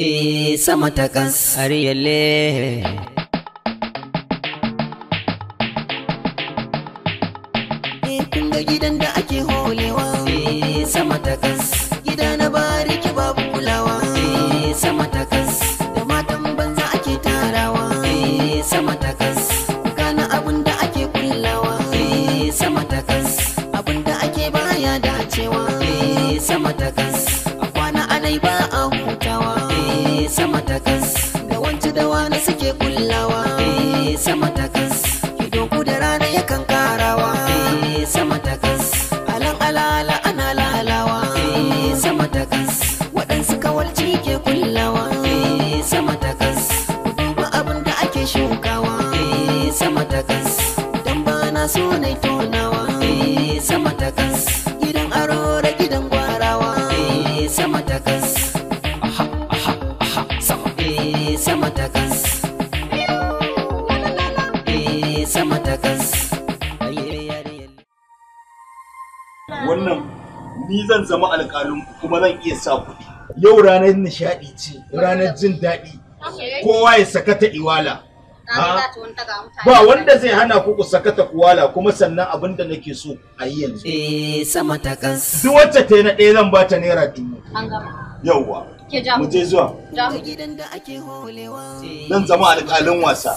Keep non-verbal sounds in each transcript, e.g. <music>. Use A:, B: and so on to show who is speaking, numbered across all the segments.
A: Eh sama ta kas Ariyale e, gidan da ake kuke kullawa eh, sama takas ido ku da rana
B: wannan
C: ni zan zama alƙalin kuma zan iya sa kuɗi yau ranar nishaɗi ce ranar jin daɗi
B: kowa ya sakata iwala ba wanda zai
C: hana ku ku sakata kuwala kuma sannan abinda nake so a yi yanzu eh sama ta kansu. duk wacce ta na ɗaya zan ba ta naira dubu
A: an yawwa mu je zuwa zan zama alƙalin wasa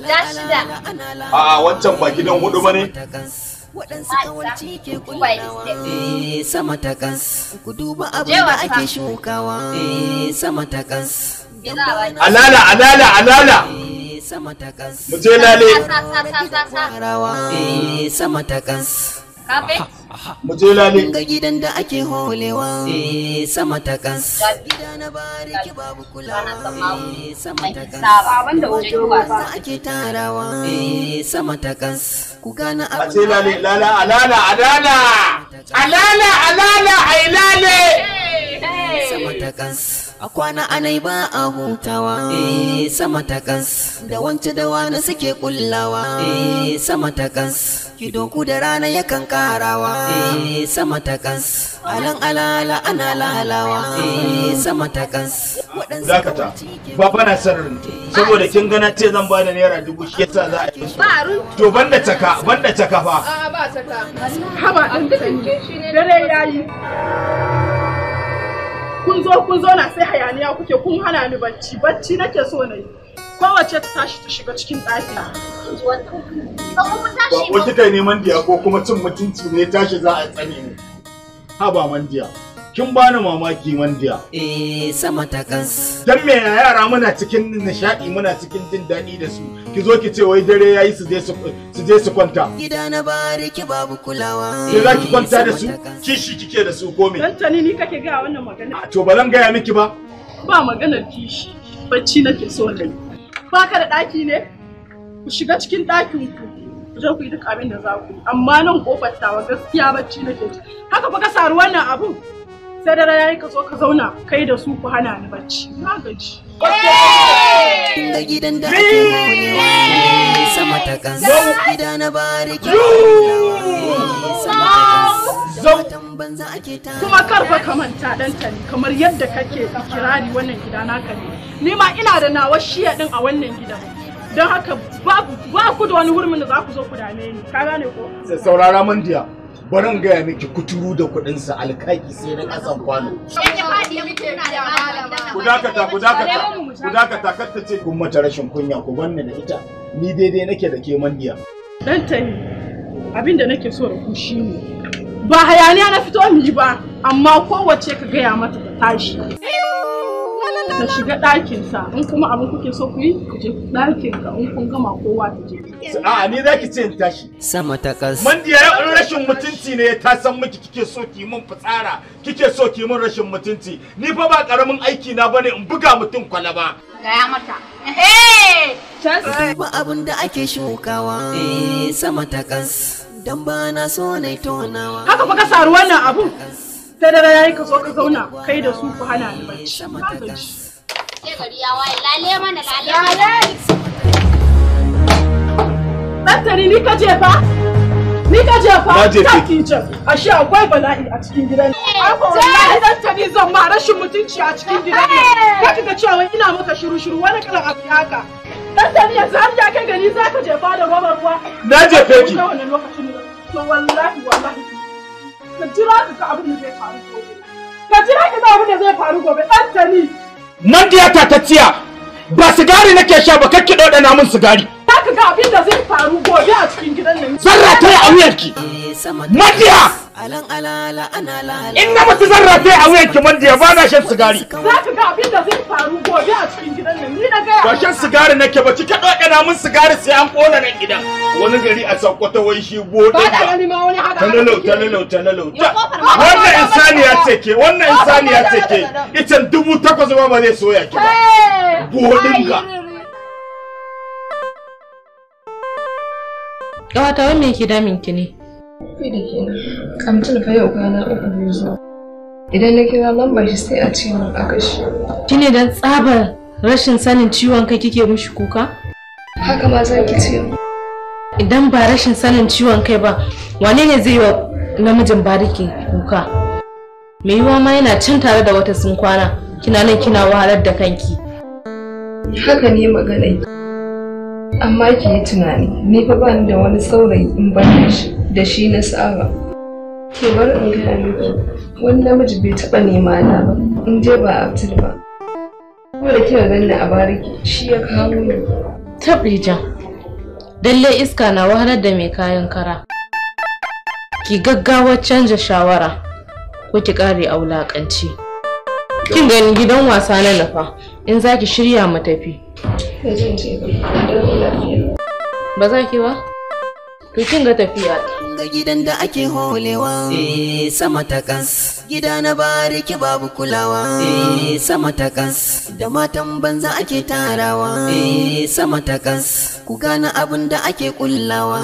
A: La shida. A'a wancan ba gidan hudu ba ne? waɗansu eh, sama ta kans ku duba abin da ake shukawa eh, sama ta kans alala alala alala eh, sama ta kans mu je lale sama ta kans kafe mu je lale ga gidan da ake holewa eh, sama ta kas gida na bariki babu kulawa eh, sama ta kas baban da ake tarawa eh, sama ta kas ku gana a ce lale lala alala alala
D: alala alala
A: sama ta kas a kwana anai ba a hutawa eh sama takas da wance da wani suke kullawa eh sama takas kidoku da rana yakan karawa eh sama takas alan alala ana lalawa eh sama takas
C: dakata ba bana sanin saboda kin gana ce zan ba da naira dubu shi yasa za a yi su to banda taka banda taka fa a
B: ba taka haba dan dukan shi ne dare yayi kun zo kun na sai hayaniya kuke kun hana ni bacci bacci nake so na yi kowace ta tashi ta shiga cikin ɗaki ba ko kika
C: neman diya ko kuma cin mutunci ne tashi za a tsane ne. ha ba man diya kin bani mamaki mandiya. Eh sama ta kansu. Dan me yara muna cikin nishaɗi muna cikin jin daɗi da su. Ki zo ki ce wai dare yayi su je su su je su kwanta.
A: Gida na bari ki babu kulawa. Ki za ki kwanta da eh, su?
C: Kishi kike da su ko me? Dan
B: tani ni kake ga wannan magana.
C: To ba zan gaya miki ba.
B: Ba maganar kishi. Bacci nake so da ni. Ba ka da ɗaki ne? Ku shiga cikin ɗakin ku. Ku je ku yi duk abin da za ku yi. Amma nan kofar tawa gaskiya bacci nake. Haka fa ka saru wannan abun. sai da yayi ka zo ka zauna kai da su ku hana ni bacci na
A: gaji gidan da kuma karfa ka manta
B: ɗanta kamar yadda kake kirari wannan gida naka ne ni ma ina da nawa shiya din a wannan gida don haka ba ku da wani hurmin da za ku zo ku dame ni ka gane ko
C: saurara mandiya barin gaya miki kuturu da kuɗinsa alkaki sai na ƙasan kwano.
B: Ku dakata, ku dakata, ku dakata,
C: kar ta ce kun mata rashin kunya ku banni da ita, ni daidai nake da ke
B: mandiya. Dan tani, abin da nake so da ku shi ne, ba hayaniya na fito mu ba, amma kowace ka gaya mata ta tashi. Ka shiga ɗakinsa, in kuma abin kuke so ku yi, ku je ɗakinka in kun gama kowa ta je. a'a
C: ni za ki ce tashi
A: sama ta kas man
C: diya
B: rashin mutunci ne ta san miki kike
C: so ki mun fitsara kike so ki mun rashin mutunci ni fa ba karamin aiki na bane in buga
A: mutum kwalaba
C: gaya mata ba
A: abin da ake shukawa eh, sama ta ƙas. dan ba na so na tonawa haka fa ka saru
B: wannan abu ta dara yayi ka zo ka zauna kai da su ku hana ni bacci eh, ke
D: gari ya waye lale mana lale mana
B: Ɗantari ni ka jefa? Ni Na kicin. Ashe akwai bala'i a cikin gidan. Eh, zan rashin mutunci a cikin eh! gidan nan. Ka ina maka shiru-shiru wani kalan yanzu gani za ka jefa da Na jefe ki. Ka zai faru gobe. Ka
C: ka ta Ba sigari nake sha ba kakki ɗauɗana min sigari.
B: za ka ga abin da zai
A: faru gobe a cikin gidan nan zarra ta a wuyarki madiya in na mutu zarra ta a wuyarki
C: madiya ba na shan sigari za
A: ka ga abin da zai faru
B: gobe a cikin gidan nan ni na gaya ba shan sigari
C: nake ba cika ɗaɗana mun sigari sai an ƙona nan gidan wani gari a sakkwato wai shi bodin ba talalau talalau talalau wannan insaniya ce ke wannan insaniya ce ke itan dubu takwas ba ba zai soya ki ba
B: bodin ga
D: Ƙawata wani me yake damin ki ne? Kai da ke kamtul fa yau kwana uku biyu zuwa. Idan na kira lambar shi sai a ce min a kashi. Ki ne dan tsabar rashin sanin ciwon kai kike mishi kuka? Haka ma zan ki ce. Idan ba rashin sanin ciwon kai ba, wane ne zai yi wa namijin bariki kuka? Me yiwa ma yana can tare da wata sun kwana, kina nan kina wahalar da kanki. Haka ne magana. Amma ki yi tunani, ni fa ba ni da wani saurayi in ban shi da shi na saba. Ke bar in gaya miki, wani namiji bai taɓa nema na ba, in je ba Abdul ba. Ko da kika ganna a bariki, shi ya kawo ni.
B: Taɓeja, dalle
D: iska na wahalar da mai kayan kara. Ki gaggawa canza shawara, ko ki ƙare a wulaƙanci. kin gani gidan wasa na nafa in zaki shirya mu tafi ba za ki
A: ba to kin ga tafiya ga gidan da ake holewa eh, sama ta gida na bariki babu kulawa eh, sama ta da matan banza ake tarawa eh, sama ta ku gana abin da ake kullawa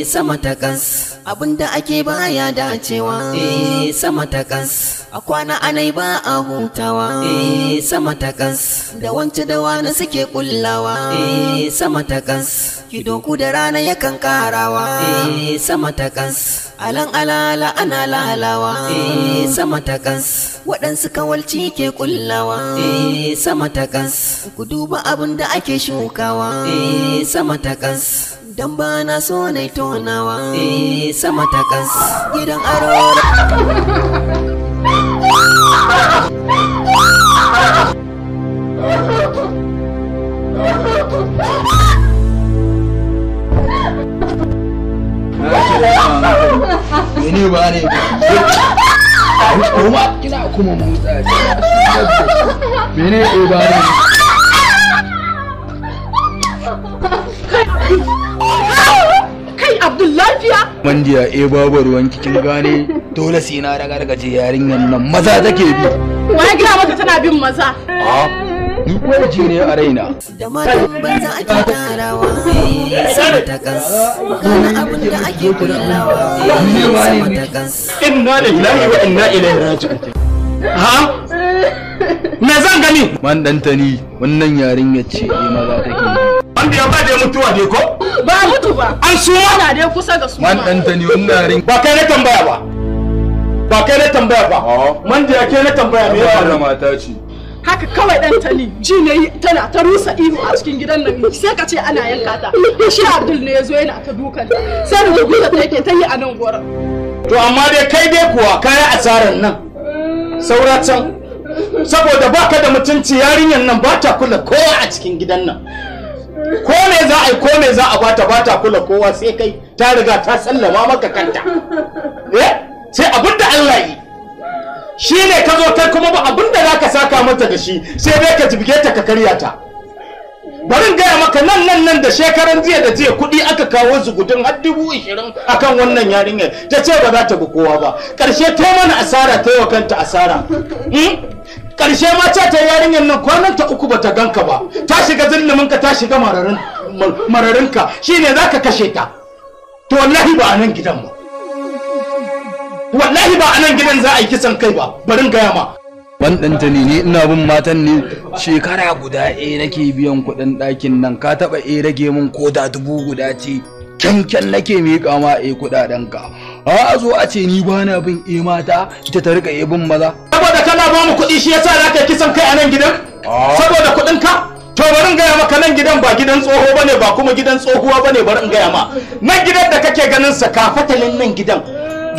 A: sama ta kas abin da ake baya dacewa sama ta a kwana anai ba a hutawa sama ta da wance da wani suke kullawa sama ta Kido ku da rana yakan karawa eh, sama ta alan alala ana lalawa eh, sama ta waɗansu kawalci ke kullawa eh, sama ta ku duba abin da ake shukawa sama ta kas dan ba na so na tonawa sama ta gidan aro
B: Ha ha ha!
A: mene ba ne kuma
B: kina kuma motsa mene e ba ne kai abdul lafiya
C: mandiya e eh, babar wanki kin gane dole sai na ragargaje yarinyan nan maza take bi
B: wai gina mata tana bin maza
C: ah. duk wani ji ne a raina da
A: matan banza ake tarawa sama ta kas kana abin da ake kullawa sama ta
C: kas inna lillahi wa inna ilaihi raji'un ha me zan gani man dantani wannan yarinya ce maza take
B: wanda ya bada mutuwa ne ko ba mutu ba an suma na dai kusa da suma man dantani
C: wannan yarinya ba kai na tambaya ba ba kai na tambaya ba man da ya ke na tambaya me ya faru mata ce
B: haka kawai dan tani ji ne tana ta rusa ihu a cikin gidan nan sai ka ce ana yanka ta shi abdul ne ya zo yana ta dukan ta sai da gudu ta yake ta yi a nan gurin
C: to amma dai kai dai kuwa kayi asarar nan saura can saboda baka da mutunci yarinyar nan ba ta kula kowa a cikin gidan nan ko me za a yi ko me za a bata ta kula kowa sai kai ta riga ta sallama maka kanta eh sai abinda Allah yi shi ne ka zo kai kuma ba abin da za ka saka mata da shi sai dai ka jibge ta ka karya ta bari in gaya maka nan nan nan da shekaran jiya da jiya kuɗi aka kawo gudun har dubu ishirin akan wannan yarinyar ta ce ba za ta bi kowa ba ƙarshe ta mana asara ta yi wa kanta asara hmm? ƙarshe ma ce ta yarinyar nan kwanan ta uku ba ta ka ba ta shiga ka, ta shiga mararin mararinka shine za ka kashe ta to wallahi ba a nan gidan ba wallahi ba anan gidan za a yi kisan kai ba barin gaya ma ban ɗanta ne ina bin matan ne shekara guda e nake biyan kuɗin ɗakin nan ka taɓa e rage min ko da dubu guda ce kyankyan nake miƙa ma e kuɗaɗen ka a zo a ce ni ba na bin e mata ita ta rika e bin maza saboda kana ba mu kuɗi shi yasa za ka kisan kai a nan gidan saboda kuɗin ka to barin in gaya maka nan gidan ba gidan tsoho bane ba kuma gidan tsohuwa bane barin in gaya ma nan gidan da kake ganin sa ka kafatalin nan gidan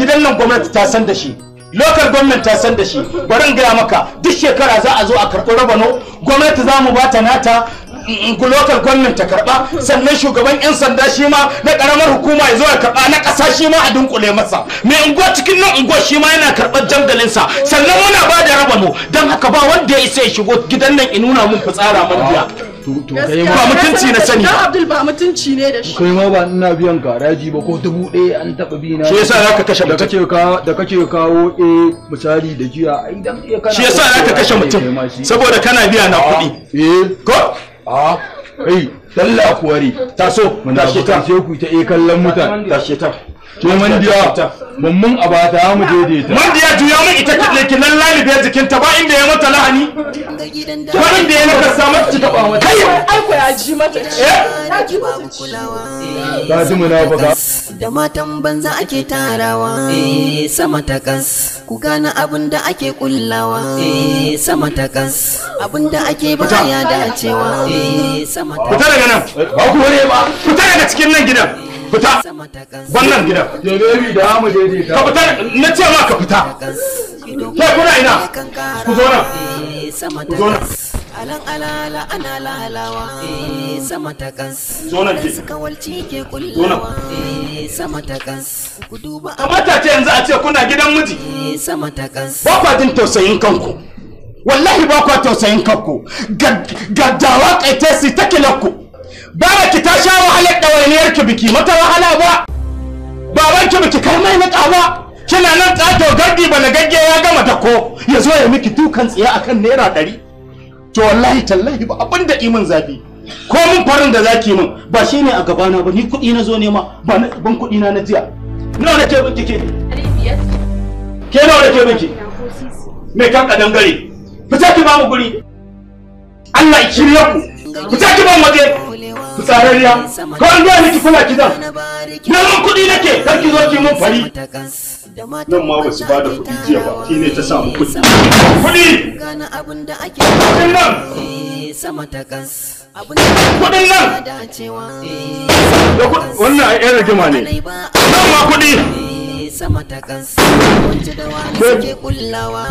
C: gidan nan gwamnati ta san da shi local government ta san da shi bari in gaya maka duk shekara za a zo a karɓi rabano gwamnati za mu ba ta nata mm, mm, local government ta karɓa sannan shugaban 'yan sanda shi ma na ƙaramar hukuma ya zo ya karɓa na ƙasa shi ma a dunkule masa mai unguwa cikin nan unguwa shi ma yana karɓar jangalinsa sannan muna ba da rabano don haka ba wanda ya isa ya shigo gidan nan in nuna mun fitsara man biya
B: to ba ma mutunci na sani dan abdul ba mutunci ne da shi kai ma ba
C: ina biyan garaji ba ko dubu ɗaya an taɓa bi na shi yasa zaka kashe da kake kawo da kake kawo eh misali da jiya ai dan
B: iya kana shi yasa zaka kashe mutum
C: saboda kana biya na kuɗi ah, eh ko a ah, kai dalla kuwari taso tashi ta ku ta eh kallon mutane tashi ta to mandiya mummun abata mu daidaita mandiya juya mun ita kalle ki nan lalibe jikin ta ba inda ya mata lahani
B: ba inda ya mata sa mata ta ba mata kai ai ko ya ji mata eh
A: ta ji eh, mata ta ji munafika da matan banza ake tarawa eh, sama ta kas ku gane abin da ake kullawa eh, sama ta kas abin da ake baya dacewa sama ta ku tare nan ba ku ware ba ku tare daga cikin nan
C: gidan fita wannan gidan ka na ce ma ka fita
A: kuna ina ku zo nan eh, ku zo nan eh, eh, ta ce yanzu a ce kuna gidan miji sama ta ba kwa
C: jin tausayin kanku wallahi ba kwa tausayin kanku gaddawa si take lakku bara ki ta sha wahalar ɗawainiyar ki biki mata wahala ba baban ki biki kai mai niƙa ba kina nan tsato gardi bana gagge ya gama ta ko ya zo ya miki dukan tsiya akan naira ɗari to wallahi tallahi ba abin da imin zafi ko mun farin da zaki mun ba shine a gabana ba ni kuɗi na zo nema ba na ban kuɗi na na jiya nawa nake binki ke ke nawa nake binki me kan kadan gare fita ki ba mu guri Allah ya shirye ku fita ki mu waje fitsarariya ko an gaya miki kuna kidan neman kuɗi nake kar ki zo ki mun fari nan ma basu ba da kuɗi jiya ba shi ne ta samu kuɗi kuɗi kuɗin nan kuɗin
A: nan
C: wannan a yan rigima ne nan
A: ma kuɗi sama ta kansu wance da wani suke kullawa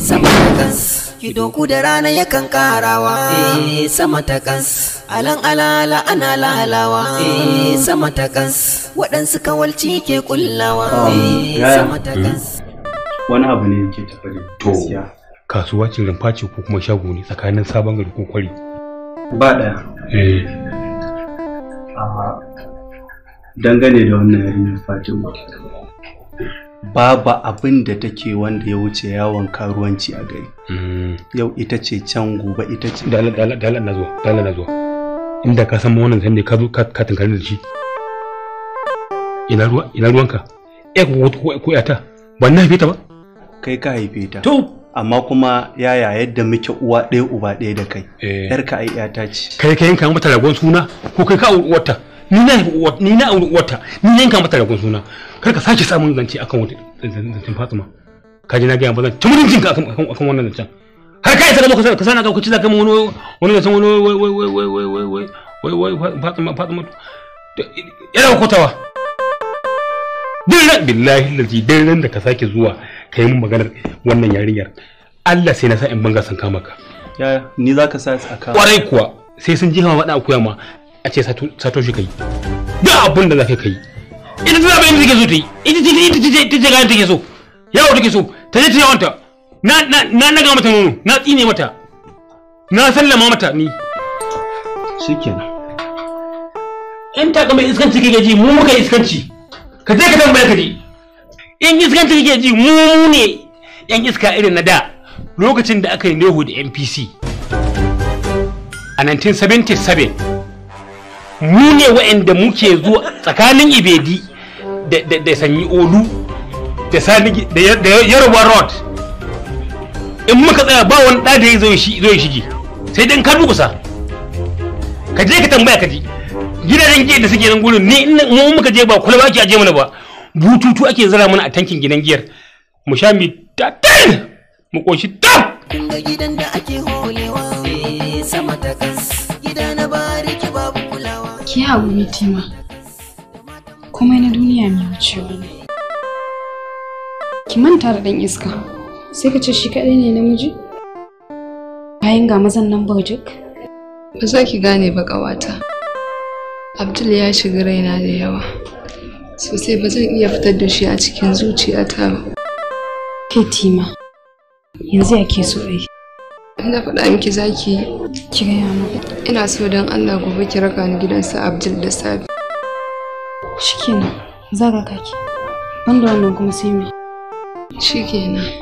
A: sama ta kansu Kido ku da rana yakan karawa eh, sama ta kans alan alala ana lalawa eh. sama ta kans waɗansu kawalci ke kullawa oh. eh, sama ta kans wani abu ne yake tafi da gaskiya
E: kasuwa ce rumfa ce ko kuma shago ne tsakanin sabon gari ko kwari ba da eh
B: dangane da wannan yarinyar fatima
C: babu abin
E: da take wanda ya wuce yawon karuwanci a gari mm. yau ita ce can gobe ita ce dala na zo dala na zo inda ka san wannan sanda ka zo ka tunkari da shi ina ruwa ina ruwanka ya eh, ko ko ta ba na haife ta ba kai ka haife ta to amma kuma yaya yadda muke uwa ɗaya uba ɗaya da kai eh. yarka ai ta ce kai kai in ka mata ragon suna ko kai ka uwarta ni na ni na auri uwarta ni na yanka mata ragon suna kar ka sake samun zance akan wata zancen Fatima ka ji na ga ba zan ci mutuncin ka akan akan wannan zancen har kai sai ka ka sana ka kuci zaka mu wani wani zancen wani wai wai wai wai wai wai wai wai wai Fatima Fatima yana kotawa dinnan billahi lazi dinnan da ka sake zuwa ka yi maganar wannan yarinyar Allah sai na sa in banga san kama ka ni za sa a kama kwarai kuwa sai sun ji hawa faɗa akuya ma a ce sato shi kai da abin da za ka kai ita ta zaɓa inda take so ta yi ita ce ita ce ita ce gani take so yawo take so ta je ta yawanta na na na naga mata nono na tsine mata na sallama mata ni shikenan in ta ga mai iskanci kake ji mu muka iskanci ka je ka tambaya ka ji in iskanci kake ji mu ne yan iska irin na da lokacin da aka yi nehu da npc a 1977 mu ne wa'anda muke zuwa tsakanin ibedi da sanyi olu da yaruwa road in muka tsaya ba wani ɗa da ya zai shige sai dan ka kusa. ka je ka tambaya ka ji gidajen giyar da suke nan gurin ne in mu muka je ba kula ba ki aje mana ba bututu ake zara mana a tankin gidan giyar mu sha mi ta mu koshi ta gidan da ake holewa eh,
A: sama ta
D: Ki haƙuri Tima, komai na duniya mai wucewa ne. Ki manta da ɗan iska, sai ka ce shi kaɗai ne namiji? Bayan ga mazan nan baujik? Ba za ki gane ba ƙawata. Abdul ya shiga raina da yawa, sosai ba zan iya fitar da shi a cikin zuciyata ba. Ke Tima, yanzu ya ke so aiki. na faɗa miki zaki ki gaya mu ina so don allah gobe ki raka ni gidansa abdul da sabi shikenan za ka kaki banda wannan kuma sai me shikenan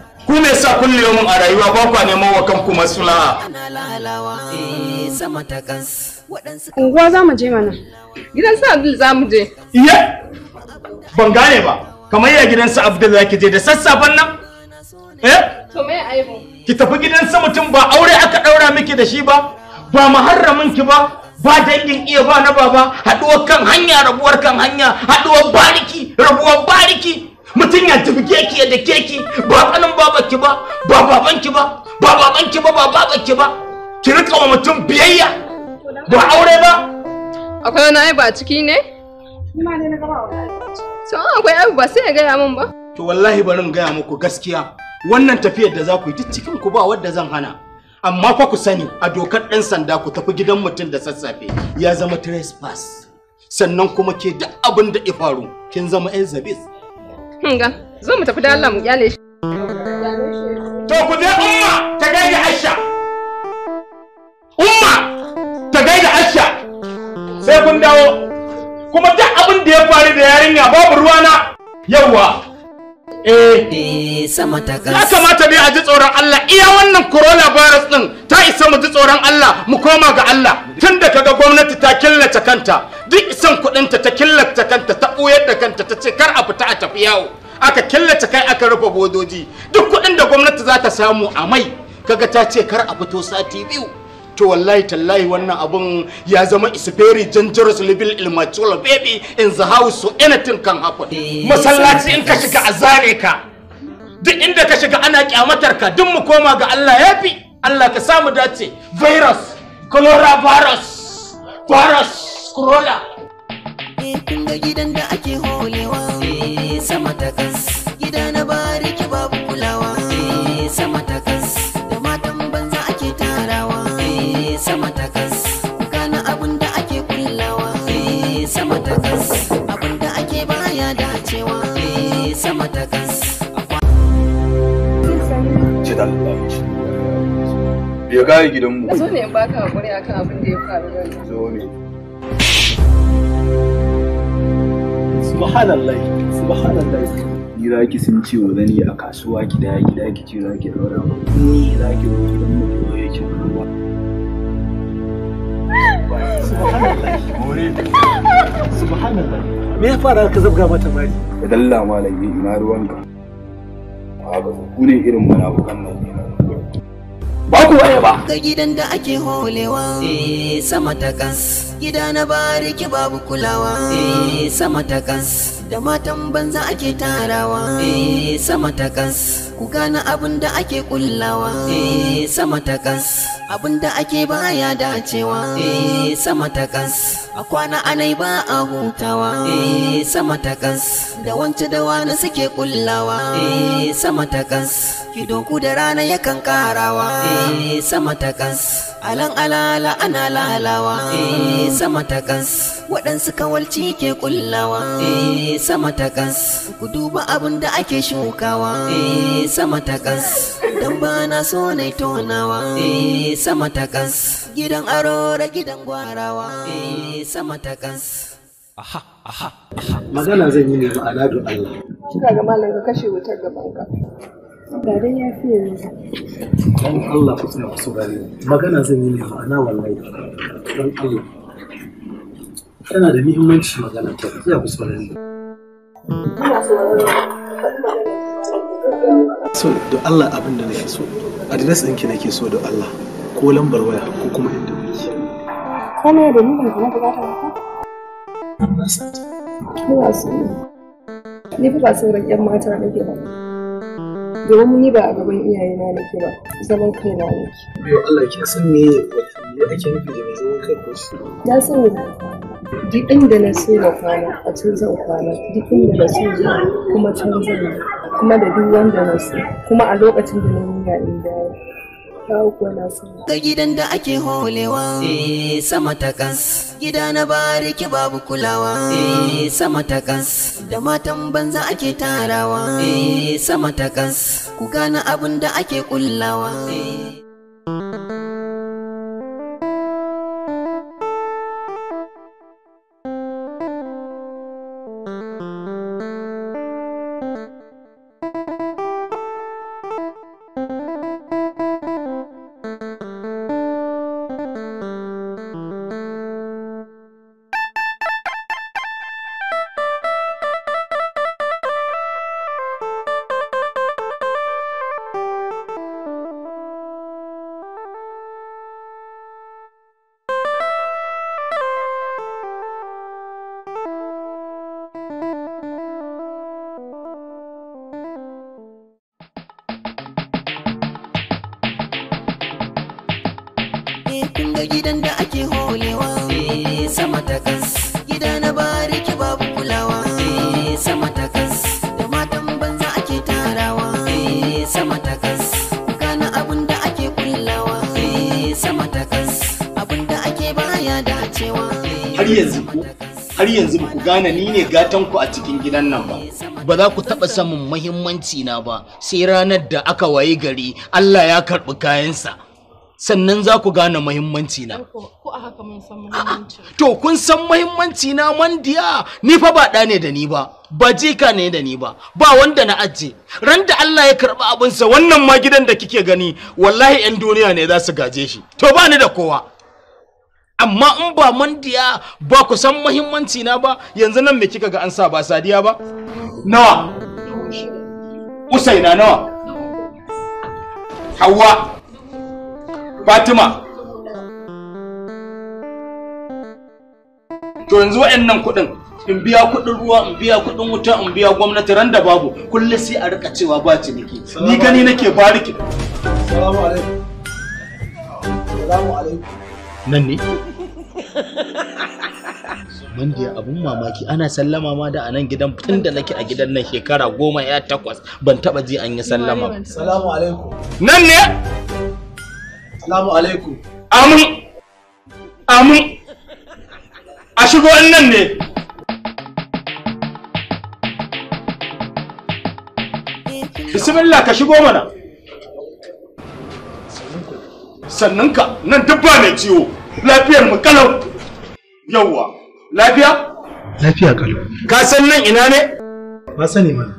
C: ku me sa
A: kulle mun a rayuwa ba kwa neman wa kanku maslaha eh,
D: unguwa za mu je mana gidan su abdul za mu je iya
C: ban gane ba kamar ya gidan su abdul za ki je da sassafen nan eh
D: to me aibu
C: ki tafi gidan sa mutum ba aure aka daura miki da shi ba ba muharramin ki ba ba dangin iya ba na baba Haduwar kan hanya rabuwar kan hanya Haduwar bariki rabuwar bariki mutum ya tafi keki ya da keki ba kanin babanki ba ba babanki ba ba babanki ba ba babanki ba ki rika wa mutum biyayya ba aure ba
D: akwai wani ai ba ciki ne to akwai abu ba sai ya gaya min ba
C: to wallahi bari gaya muku gaskiya wannan tafiyar da za ku yi duk cikin ku ba wadda zan hana amma fa ku sani a dokar ɗan sanda ku tafi gidan mutum da sassafe ya zama trespass sannan kuma ke duk abin da ya faru kin zama yan zabis
D: Hinga, zo mu tafi da Allah mu kyale shi.
C: To ku je umma ta gaida Aisha. Umma ta gaida Aisha. Sai kun dawo. Kuma duk abin da ya faru da yarinya babu ruwana. Yawwa.
A: Eh. eh ya
C: kamata dai a ji tsoron Allah iya wannan coronavirus din ta dan Allah mu koma ga Allah tun da kaga gwamnati ta killace kanta duk isan kudinta ta killace kanta ta ɓoyar da kanta ta ce kar a fita a tafi yawo aka killace kai aka rufe bodoji duk kudin da gwamnati za ta samu a mai kaga ta ce kar a fito sati biyu to wallahi tallahi wannan abun ya zama is very dangerous level immature baby in the house so anything can happen masallaci in ka shiga azare ka duk inda ka shiga ana kyamatar ka duk mu koma ga Allah yafi Allah ka samu dace virus cholera virus
A: virus corona eh, kun ga gidan da ake holewa eh, sama ta kas gida na bariki babu kulawa eh, sama ta kas da matan banza ake tarawa sama ta kas kana abun da ake kullawa sama ta kas abun da ake baya dacewa sama ta kas
C: Cidallah ya kare gidanmu
D: zo ne in baka hakuri akan abin da ya
E: faru da zo ne subhanallah subhanallah ni za ki sun ce wa zani a kasuwa ki da ki ki ce za ki daura ba ni za ki gidan mu ko ya ce ruwa
C: subhanallah me ya fara ka zabga mata mari da dalla malami ina ka. Ba ku ne irin munafukan nan ne ba ku waye ba
A: ga gidan da ake holewa eh, sama ta kas gida na bariki babu kulawa eh, sama ta kas da matan banza ake tarawa eh, sama ta kas ku gane abin da ake kullawa eh, sama takas. abin da ake baya dacewa eh, sama takas. a kwana anai ba a hutawa eh, sama takas. da wance da wani suke kullawa sama takas. kas da rana yakan karawa sama takas. alan alala ana lalawa sama takas. waɗansu kawalci ke kullawa sama takas. ku duba abin da ake shukawa sama takas dan ba na so na tonawa eh sama takas gidan aro da gidan gwarawa eh sama takas aha aha magana zan
B: yi ne ma aladu Allah
E: kina
A: ga malam ka kashe wutar gaban ka ga
D: dai ya fiye mu
E: dan Allah ku tsaya su gare magana zan yi ne ma'ana wallahi dan
B: Allah tana da muhimmanci magana ta tsaya ku saurare ina saurare magana so da Allah abin da
C: nake so adres ɗinki nake so da Allah ko lambar waya ko kuma inda kuke
B: kana da nufin kuma bukatar ka na san ta ina so
D: ni ba sauran yan mata nake ba domin ni ba a gaban iyayena nake ba zaman kai na nake
B: yo Allah ki san me me ake nufi da zaman kai ko su
D: na sani duk inda na so na kwana a can zan kwana duk inda na so kuma can zan yi. kuma da duk wanda na so kuma a lokacin da na
A: nuna in dawo kawo na ga gidan da ake holewa eh, sama ta kas gida na bariki babu kulawa eh, sama ta kas da matan banza ake tarawa eh, sama ta kas ku gana abin da ake kullawa
C: yanzu ba ku gane ni ne gatan ku a cikin gidan nan ba ba za ku taɓa samun muhimmanci na ba sai ranar da aka wayi gari Allah ya karɓi kayansa sannan za ku gane muhimmanci na to kun san muhimmanci na mandiya ni fa ba ɗa ne da ni ba ba jika ne da ni ba ba wanda na ajiye ran da Allah ya karɓi abinsa wannan ma gidan da kike gani wallahi 'yan duniya ne za su gaje shi to ba ni da kowa amma in ba mandiya ba ku san muhimmanci na ba yanzu nan me kika ga an sa ba sadiya ba nawa usaina nawa hawa fatima to yanzu nan kuɗin in biya kuɗin ruwa in biya kuɗin wuta in biya gwamnati ran da babu kullum sai a rika cewa ba ciniki ni gani nake bariki salamu alaikum salamu alaikum nan ne Mandiya abun mamaki ana sallama ma da a nan gidan tun da nake a gidan nan shekara goma ya takwas ban taba ji an yi sallama. Salamu alaikum. Nan ne? Salamu alaikum. Amin. Amin. A shigo in nan ne. Bismillah ka shigo mana. Sannan ka nan duk ne ciwo. lafiyar mu kalau yawwa lafiya lafiya kalau ka san nan ina ne ba sani mana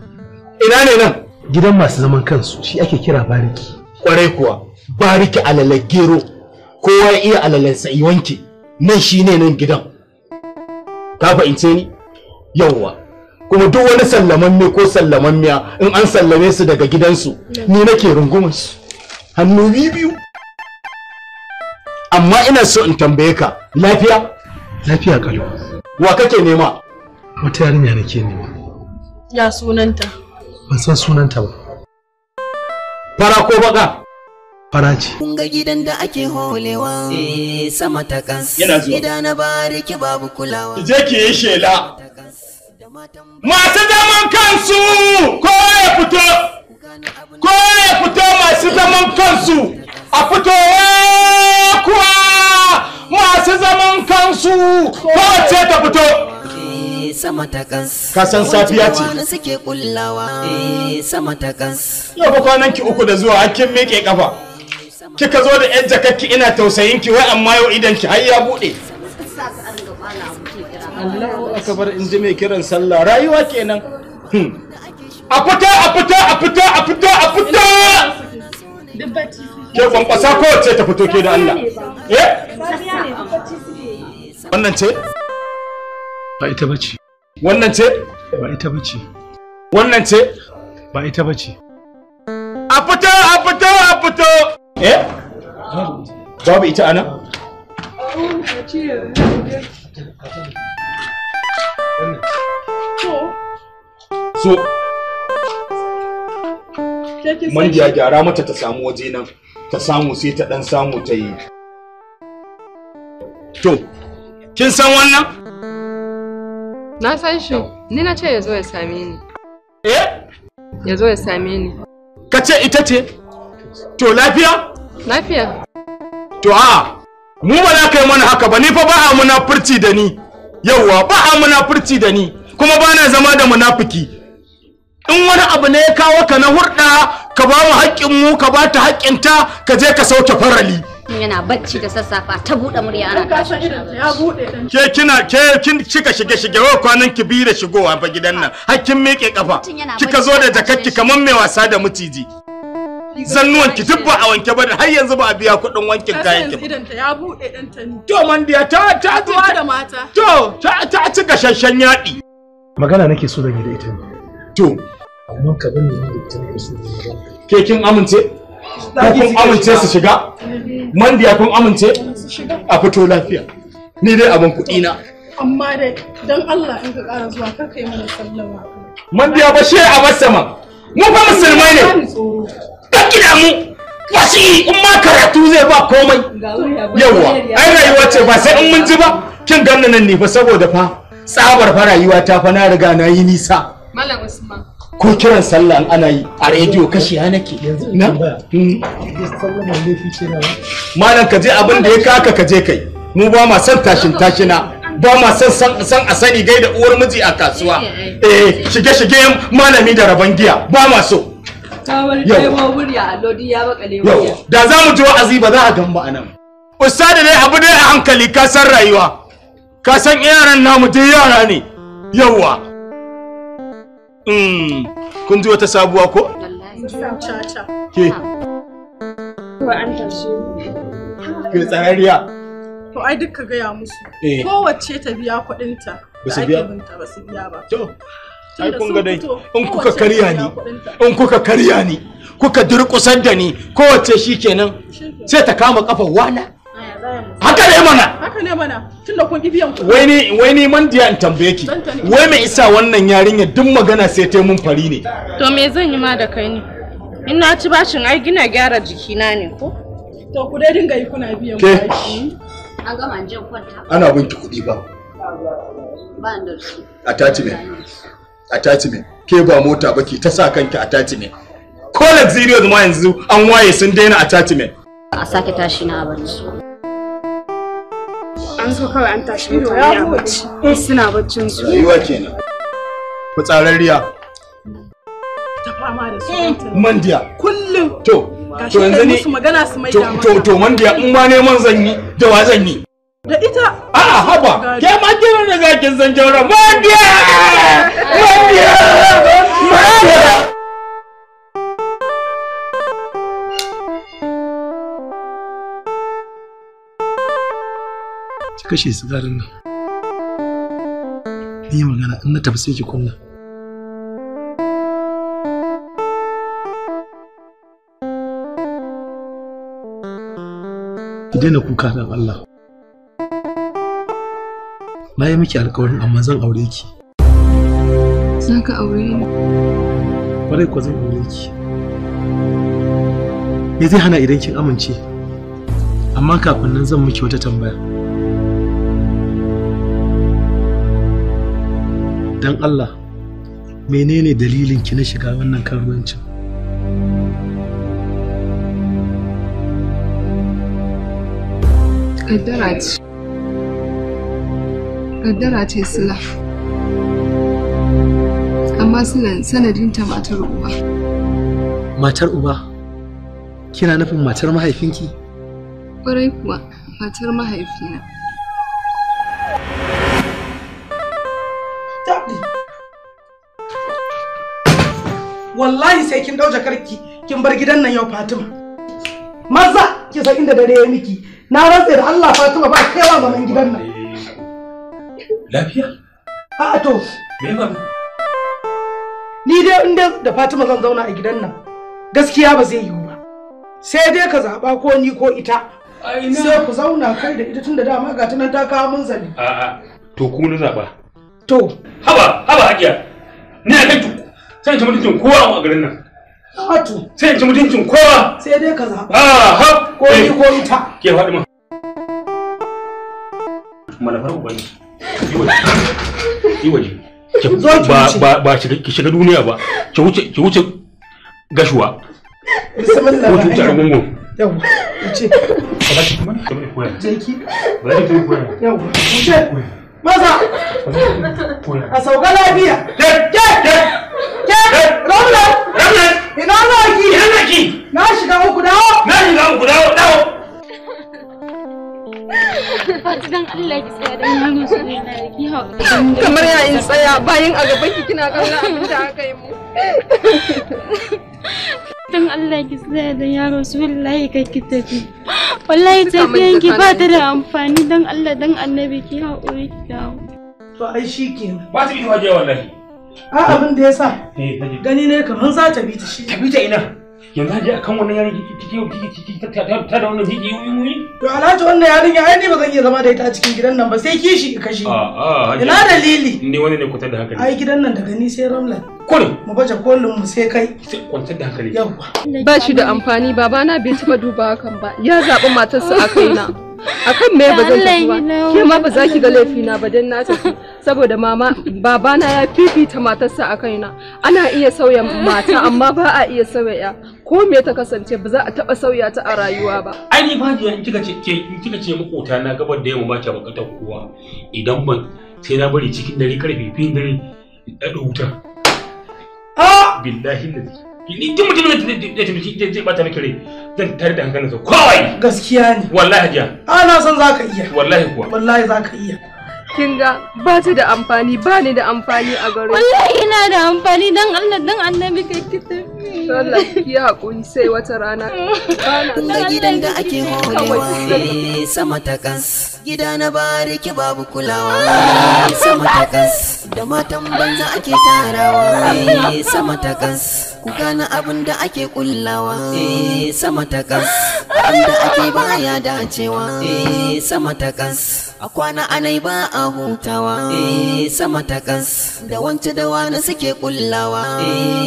C: ina ne nan gidan masu zaman kansu shi ake kira bariki kwarai kuwa bariki alalar gero kowa ya iya alalar sa'i wanke nan shi ne nan gidan ka fahimce ni yawwa kuma duk wani sallamanne ko miya in an sallame su daga gidansu ne nake rungumansu su hannu biyu amma ina so in tambaye ka lafiya lafiya kalu wa kake nema wata yarinya nake nema
A: ya sunanta
E: ban san sunanta ba
B: fara ko
A: baka faraci. Kun ga gidan da ake holewa eh. sama ta kan Gida na bariki babu kulawa. Je ki yi shela. Masu
C: zaman kansu ko ya fito. Ko ya fito masu zaman kansu. a fitowa kuwa masu
A: zaman kansu kowace ta fito eh, ka san safiya ce eh, yau ba kwanan ki uku da zuwa kin
C: miƙe kafa kika zo da yan jakakki ina tausayin ki wai amma yau idan ki har ya buɗe Allahu akbar in ji mai kiran sallah rayuwa kenan hmm. a fita a fita a fita
B: a fita a fita ke kwankwasa kowace ta fito ke da Allah eh wannan ce
C: ba ita bace wannan ce ba ita bace wannan ce ba ita bace a fito a fito
B: a fito
E: eh babu ita ana
C: So, gyara mata ta samu waje nan. ta samu sai ta ɗan samu ta yi to kin san wannan
D: na san shi ni na ce ya zo ya same ni eh ya zo ya same ni
C: ka ce ita ce to lafiya lafiya to a mu ba za ka yi mana haka ba ni fa ba a munafurci da ni yauwa ba a munafurci da ni kuma ba na zama da munafiki in wani abu ne ya kawo ka na hurɗa ka ba mu haƙƙin mu ka ba ta haƙƙin ta ka je ka sauke farali
E: yana bacci da sassafa ta buɗe murya ana kashe
C: ke kina ke kin kika shige shige wa kwanan ki bi da shigowa ba gidan nan hakkin miƙe kafa
B: kika zo da jakakki kamar mai
C: wasa da mutiji
B: zannuwan ki dubba a wanke ba har
C: yanzu ba a biya kuɗin wankin kayan ki ya
B: dan ta to man ta ta ta da mata
C: to ta ta ci gashashen yaɗi
E: magana nake so zan yi da ita ne to amma ka bari ma da su ke kin amince
B: kun amince su shiga mandiya kun amince a
C: fito lafiya ni dai abin kuɗi na
B: amma dai don Allah in ka ƙara zuwa kar ka yi mana sallama
C: mandiya ba shi a masama
B: mu fa musulmai ne
C: kida mu
D: wasi in ma karatu zai ba komai
C: yawa ai rayuwa ce ba sai in mun ji ba kin ganna nan ne fa saboda fa tsabar fa rayuwa ta fa na riga na yi nisa
D: malam usman
C: ko kiran sallah an ana yi a rediyo kashi ya nake hmm. malam ka je abin da ya kaka ka je kai mu ba ma san tashin tashina ba ma san san a sani gai da uwar miji a kasuwa eh shige shige malami da raban giya ba ma so ya yau da za mu ji wa'azi ba za a gamba anan. a nan ustadi dai abu dai a hankali ka san rayuwa ka san yaran namu dai yara ne yauwa Hmm. kun ji wata sabuwa ko? Ke.
B: Ke tsarariya. To ai duka ka gaya musu. Eh. Kowace ta biya kuɗinta. Ba su biya? Ba su biya ba. To.
C: Ai kun ga dai in kuka karya ni in kuka karya ni kuka durƙusar da ni kowace shikenan sai ta kama kafa wana.
B: haka ne mana haka ne mana tunda kun biyan ku wai ni wai
C: ni man diya in tambaye ki wai me isa wannan yarinya duk magana sai ta mun fari ne
B: to me zan yi ma da kai ne in na ci bashin ai gina gyara jikina ne ko to ku dai dinga yi kuna biyan ku an gama jin kwanta
C: ana binki kuɗi ba ba da attachment attachment ke ba mota ba ki ta sa kanki attachment ko luxurious ma yanzu an waye sun daina attachment
E: a sake tashi na abinci
D: an zo kawai an tashi mutane a bacci eh suna baccin su rayuwa
C: kenan riya.
B: ta fama da su eh. mandiya kullum to to yanzu ne magana su mai to to mandiya in ma neman zan
C: yi da wa zan yi
B: da ita a'a ah, haba ke
C: ma kira da zakin san jaura mandiya
B: <laughs> mandiya mandiya
E: kashe sigarin nan ni magana in na tafi sai ki kunna ki daina kuka dan Allah na yi miki alkawarin amma zan aure ki
D: za ka aure ni
E: kwarai ko zan aure ki me zai hana idan kin amince
C: amma kafin nan zan miki wata tambaya dan Allah menene dalilin ki na shiga wannan karuwancin
D: kaddara ce kaddara ce sila amma suna sanadinta matar uba
A: matar uba
E: kina nufin matar mahaifinki
D: ƙwarai kuwa matar mahaifina
C: wallahi sai kin ɗau jakarki kin bar gidan nan yau Fatima maza ki san inda dare ya miki na rantsa da Allah Fatima ba kaiwa zaman gidan
E: nan
B: lafiya a'a to me ba ni dai inda da Fatima zan zauna a gidan nan gaskiya ba zai yiwu ba
C: sai dai ka zaɓa ko ni ko ita sai ku zauna kai da ita tun da dama ga tunan ta kawo mun zali
E: a'a to ku na zaba to haba haba hakiya ni a kai sai ci mutuncin kowa a garin nan wato sai ci mutuncin kowa
B: sai dai ka zaɓa
E: ah, ha ko ni eh. ko ita ke faɗi ma malafar ubani yi waje ba ba ki shiga duniya ba ki wuce ki wuce gashuwa
B: bismillah ko ki kuma ne ba ki kuma ki ba ki a sauka lafiya Na shiga uku da Kamar ya in tsaya bayan a gaban ki kina kallon abin da aka yi mu.
D: Dan Allah ki tsaya da ya
E: Rasulullahi ki tafi.
D: Wallahi tafiyan ki ba ta da amfani dan Allah dan
E: Annabi ki haƙuri ki dawo. To ai Ba ta bi wallahi. a abin da ya sa eh, gani ne kamar za ta bi ta shi ta bi ta ina yanzu haji akan wannan yarin kiki ta ta da wannan kiki yi to
C: alhaji wannan yaron ya aini ba zan iya zama da ita a cikin gidan nan ba sai kishi ka shi
E: ina dalili ni wani ne kwatar da hankali ai
C: gidan nan daga ni sai ramla kullum mu baje kullum mu sai kai
E: kwantar da hankali
C: yawa
D: ba shi da amfani babana bai taba duba hakan ba ya zaɓi matarsa a kaina akan me ba zan tafi ba ke ma ba za ki ga laifina ba dan na tafi saboda mama babana ya fifita matarsa a kaina ana iya sauya mata amma ba a iya sauya ya ko me ta kasance ba za a taba sauya ta a rayuwa ba
E: ai ni fajiya in kika ce in kika ce makota na gabar da yamma ba ta kowa idan ban sai na bari cikin dare karfe fifin dare da wuta ah! billahi lillahi ni duk mutum da taimaki zai bata miki rai zan tare da hankalin sa kawai gaskiya ne wallahi a na san za ka iya wallahi kuwa wallahi
D: ka iya kin ga ba ta da amfani ba ni da amfani a garo wallahi ina da amfani dan Allah dan annabi kai kitin Allah sai wata rana.
A: Ga gidan da ake horewa eh, sama takas. Gida na bariki babu kulawa sama takas. Da matan banza ake tarawa eh, sama takas. Kuka na abin da ake kullawa eh, sama takas. Abin da ake baya dacewa sama takas. A kwana anai ba a hutawa sama takas. Da wance dawa na suke kullawa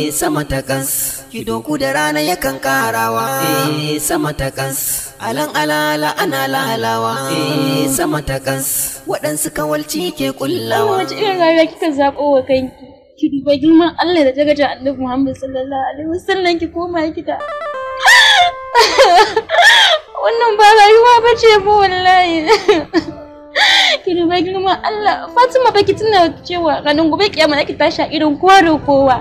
A: sama takas. takas Kidoku da rana yakan karawa eh sama kans. Alan alala ana lalawa eh sama takas Waɗansu kawalci ke kullawa Wace irin
D: rayuwa kika zaɓo wa kanki Ki duba girman Allah da darajar Annabi Muhammad sallallahu alaihi wasallam ki koma gida <laughs> Wannan ba rayuwa bace ba wallahi <laughs> ki duba girman Allah Fatima baki tuna cewa ranar gobe kiyama zaki tashi a irin kowa da kowa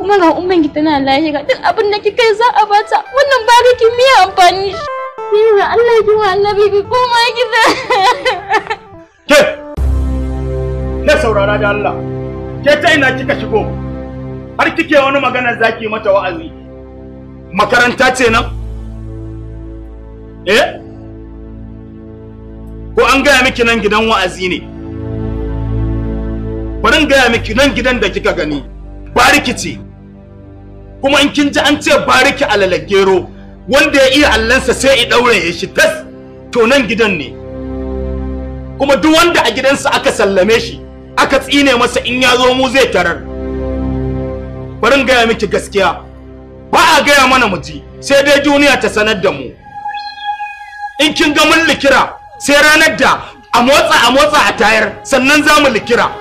D: kuma ga umman tana lahira duk abin da kika za a bata wannan bariki
B: me amfani shi Yau Allah ki wa annabi ki koma gida Ke
C: na saurara da Allah
B: ke ta ina kika shigo
C: har kike wani magana zaki mata wa'azi makaranta ce nan eh ko an gaya miki nan gidan wa'azi ne bari in gaya miki nan gidan da kika gani bariki ce kuma in kin ji an ce bariki alala gero wanda ya iya allansa sai i daure ya shi tas to nan gidan ne kuma duk wanda a gidansa aka sallame shi aka tsine masa in ya zo mu zai tarar bari in gaya miki gaskiya ba a gaya mana mu sai dai duniya ta sanar da mu in kin ga mun likira sai ranar da a motsa a motsa a tayar sannan za mu likira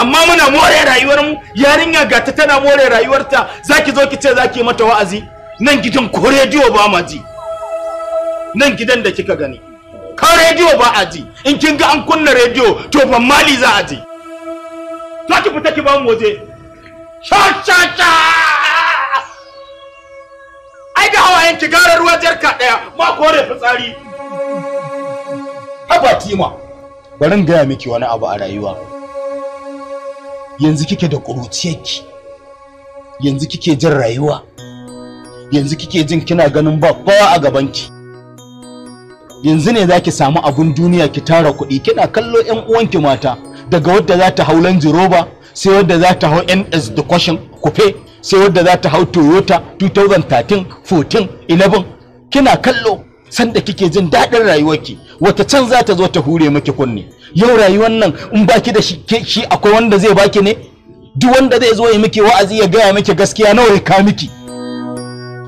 A: amma muna more rayuwar mu
C: yarinya gata tana more rayuwarta zaki zo ki ce zaki mata wa'azi nan gidan ko radio ba ma ji nan gidan da kika gani ko radio ba a ji in kin ga an kunna rediyo to ban mali za a ji to ki fita ki ba mu waje cha cha cha ai da hawayen ki gara ruwa jarka daya ma kore fitsari haba tima bari in gaya miki wani abu a rayuwa yanzu kike da ƙuruciyarki yanzu kike jin rayuwa yanzu kike jin kina ganin ba kowa a gabanki yanzu ne zaki samu abun duniya ki tara kuɗi kina kallo 'yan uwanki mata daga wadda za ta hau lanji roba sai wadda za ta hau ns da kwashin kufe sai wadda za ta hau toyota 2013 14 11 kina kallo sanda kike jin daɗin rayuwarki wata can za ta zo ta hure miki kunne yau rayuwar nan in baki da shi akwai wanda zai baki ne duk wanda zai zo ya miki wa'azi ya gaya miki gaskiya nawa ya ka miki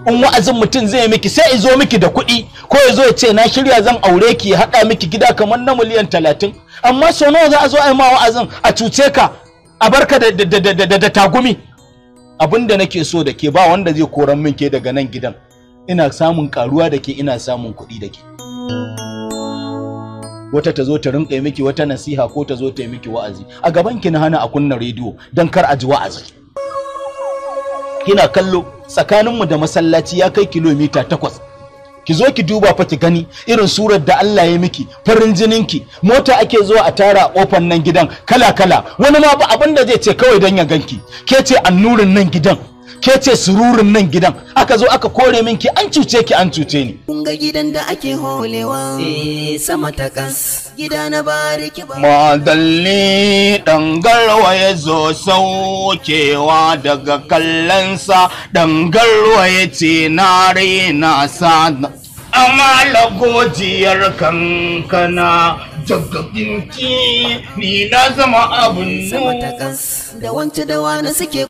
C: in wa'azin mutum zai miki sai ya zo miki da kuɗi ko ya zo ya ce na shirya zan aure ki ya haɗa miki gida kamar na miliyan talatin amma sau nawa za a zo a yi ma wa'azin a cuce ka a barka da tagumi abin da nake so da ke ba wanda zai koran min ke daga nan gidan ina samun karuwa da ke ina samun kuɗi da ke wata ta zo ta rinka miki wata nasiha ko ta zo ta yi miki wa'azi a gaban ki na hana a kunna rediyo don kar a ji wa'azi kina kallo tsakaninmu da masallaci ya kai kilomita takwas ki zo ki duba fa ki gani irin surar da Allah ya miki farin jinin ki mota ake zuwa a tara kofar nan gidan kala kala wani ma ba abin da zai ce kawai don ya ganki ke ce annurin nan gidan ke ce sururin nan gidan aka zo aka kore min ki an cuce ki an cuce ni
A: Kunga gidan da ake holewa eh, sama ta kas gida na bariki ba
C: madalli dangarwa ya zo saukewa daga kallansa dangarwa ya ce na raina sa amala gojiyar kankana
A: jagabinki ni na zama abun da wance da wani suke